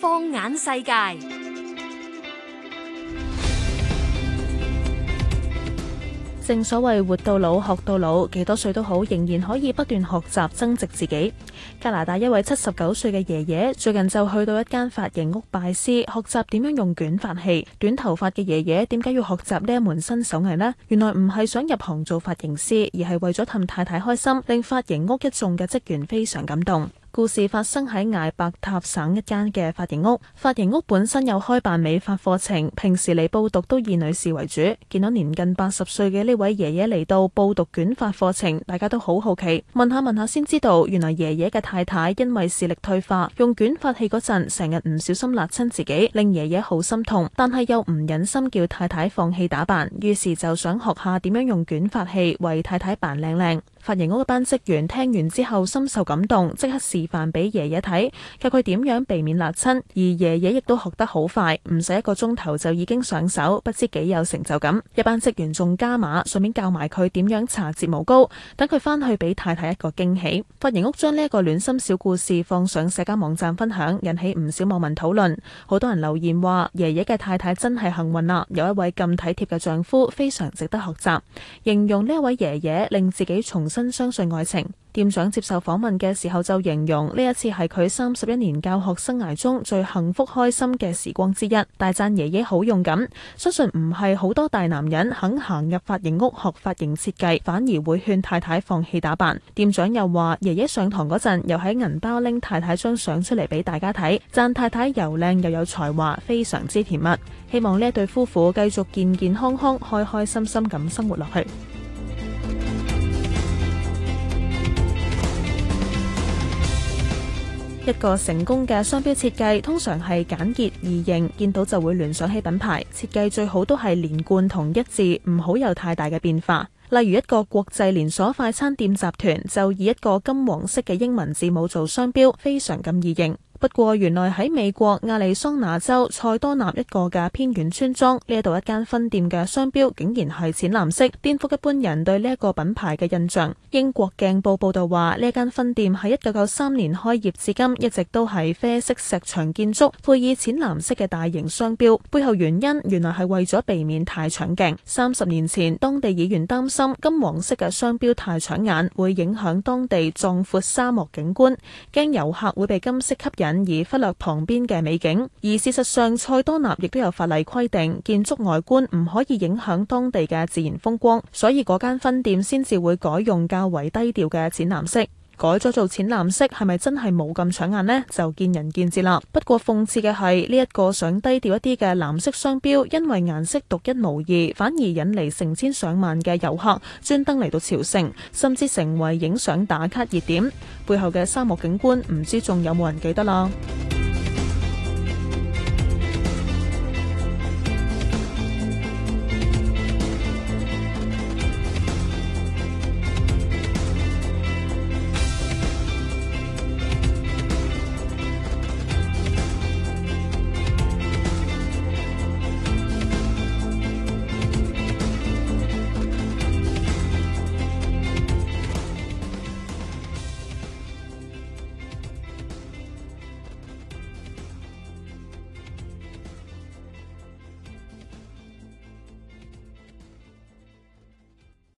放眼世界。正所謂活到老學到老，幾多歲都好，仍然可以不斷學習增值自己。加拿大一位七十九歲嘅爺爺，最近就去到一間髮型屋拜師，學習點樣用捲髮器。短頭髮嘅爺爺點解要學習呢一門新手藝呢？原來唔係想入行做髮型師，而係為咗氹太太開心，令髮型屋一眾嘅職員非常感動。故事發生喺艾伯塔省一間嘅髮型屋，髮型屋本身有開辦美髮課程，平時嚟報讀都以女士為主。見到年近八十歲嘅呢位爺爺嚟到報讀捲髮課程，大家都好好奇，問下問下先知道，原來爺爺嘅太太因為視力退化，用捲髮器嗰陣成日唔小心辣親自己，令爺爺好心痛，但係又唔忍心叫太太放棄打扮，於是就想學下點樣用捲髮器為太太扮靚靚。髮型屋一班職員聽完之後深受感動，即刻示範俾爺爺睇，教佢點樣避免辣親，而爺爺亦都學得好快，唔使一個鐘頭就已經上手，不知幾有成就感。一班職員仲加碼，順便教埋佢點樣搽睫毛膏，等佢返去俾太太一個驚喜。髮型屋將呢一個暖心小故事放上社交網站分享，引起唔少網民討論。好多人留言話：爺爺嘅太太真係幸運啦，有一位咁體貼嘅丈夫，非常值得學習。形容呢一位爺爺令自己從。新相信愛情，店長接受訪問嘅時候就形容呢一次係佢三十一年教學生涯中最幸福開心嘅時光之一，大讚爺爺好勇敢。相信唔係好多大男人肯行入髮型屋學髮型設計，反而會勸太太放棄打扮。店長又話爺爺上堂嗰陣，又喺銀包拎太太張相出嚟俾大家睇，讚太太又靚又有才華，非常之甜蜜。希望呢一對夫婦繼續健健康康、開開心心咁生活落去。一個成功嘅商標設計通常係簡潔易認，見到就會聯想起品牌。設計最好都係連貫同一致，唔好有太大嘅變化。例如一個國際連鎖快餐店集團，就以一個金黃色嘅英文字母做商標，非常咁易認。不過，原來喺美國亞利桑那州塞多納一個嘅偏遠村莊，呢度一間分店嘅商標竟然係淺藍色，顛覆一般人對呢一個品牌嘅印象。英國鏡報報道話，呢間分店喺一九九三年開業至今，一直都係啡色石牆建築，配以淺藍色嘅大型商標。背後原因原來係為咗避免太搶鏡。三十年前，當地議員擔心金黃色嘅商標太搶眼，會影響當地壯闊沙漠景觀，驚遊客會被金色吸引。而忽略旁邊嘅美景，而事實上，塞多納亦都有法例規定，建築外觀唔可以影響當地嘅自然風光，所以嗰間分店先至會改用較為低調嘅淺藍色。改咗做淺藍色，係咪真係冇咁搶眼呢？就見仁見智啦。不過諷刺嘅係，呢、這、一個想低調一啲嘅藍色商標，因為顏色獨一無二，反而引嚟成千上萬嘅遊客專登嚟到朝聖，甚至成為影相打卡熱點。背後嘅沙漠景觀，唔知仲有冇人記得啦。